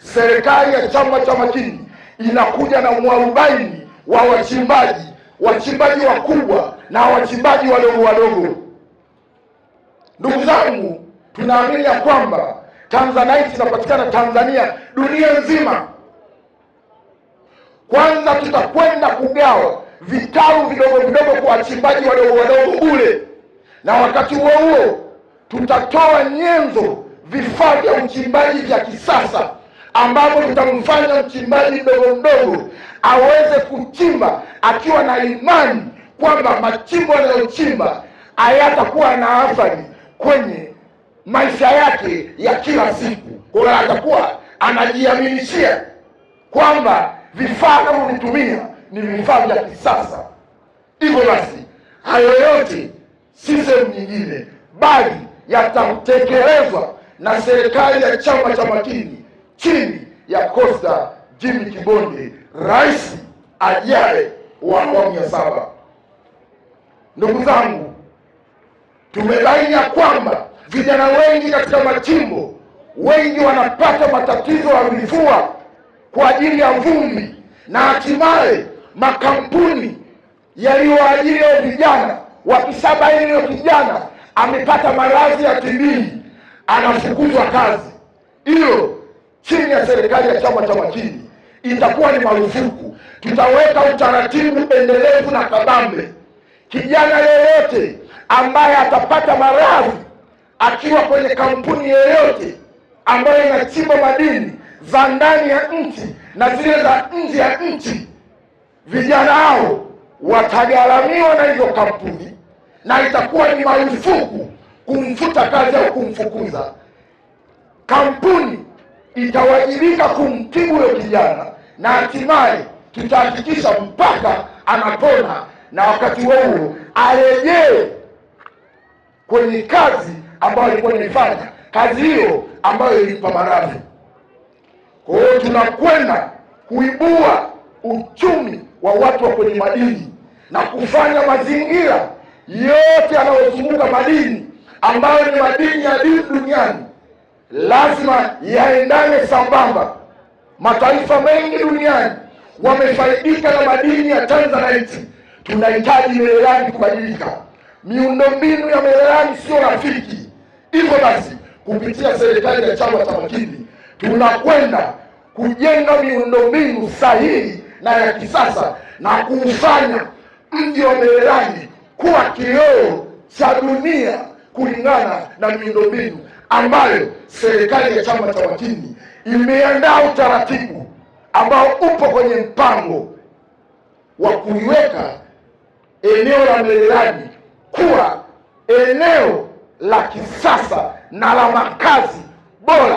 Serikali ya Chama cha makini inakuja na mwarobaini wa wachimbaji, wachimbaji wakubwa na wachimbaji wadogo wadogo. Ndugu zangu, tunaamini ya kwamba tanzanite inapatikana Tanzania, dunia nzima. Kwanza tutakwenda kugawa vitalu vidogo vidogo kwa wachimbaji wadogo wadogo kule, na wakati huo huo tutatoa nyenzo, vifaa vya uchimbaji vya kisasa ambapo tutamfanya mchimbaji mdogo mdogo aweze kuchimba akiwa na imani kwamba machimbo anayochimba hayatakuwa na athari kwenye maisha yake ya kila siku. Kwa hiyo atakuwa anajiaminishia kwamba vifaa anavyovitumia ni vifaa vya kisasa. Hivyo basi hayo yote si sehemu nyingine, bali yatatekelezwa na serikali ya Chama cha Makini chini ya Costa Jimmy Kibonde, rais ajaye wa awamu ya saba. Ndugu zangu, tumebaini ya kwamba vijana wengi katika majimbo wengi wanapata matatizo ya mifua kwa ajili ya vumbi, na hatimaye makampuni yaliyoajiri vijana wakisabaini vijana amepata maradhi ya TB, anafukuzwa kazi. Hilo chini ya serikali ya Chama cha makini itakuwa ni marufuku. Tutaweka utaratibu endelevu na kabambe. Kijana yeyote ambaye atapata maradhi akiwa kwenye kampuni yeyote ambayo inachimba madini za ndani ya nchi na zile za nje ya nchi, vijana hao watagharamiwa na hizo kampuni na itakuwa ni marufuku kumfuta kazi au kumfukuza kampuni itawajibika kumtibu huyo kijana na hatimaye tutahakikisha mpaka anapona na wakati huo huo arejee kwenye kazi ambayo alikuwa anaifanya, kazi hiyo ambayo ilimpa maradhi. Kwa hiyo tunakwenda kuibua uchumi wa watu wa kwenye madini na kufanya mazingira yote yanayozunguka madini ambayo ni madini ya dini duniani lazima yaendane sambamba. Mataifa mengi duniani wamefaidika na madini ya Tanzanite. Tunahitaji Mererani kubadilika, miundombinu ya Mererani sio rafiki. Hivyo basi, kupitia serikali ya Chama cha Mapinduzi tunakwenda kujenga miundombinu sahihi na ya kisasa na kuufanya mji wa Mererani kuwa kioo cha dunia kulingana na miundombinu ambayo serikali ya chama cha Makini imeandaa utaratibu ambao upo kwenye mpango wa kuiweka eneo la Mererani kuwa eneo la kisasa na la makazi bora.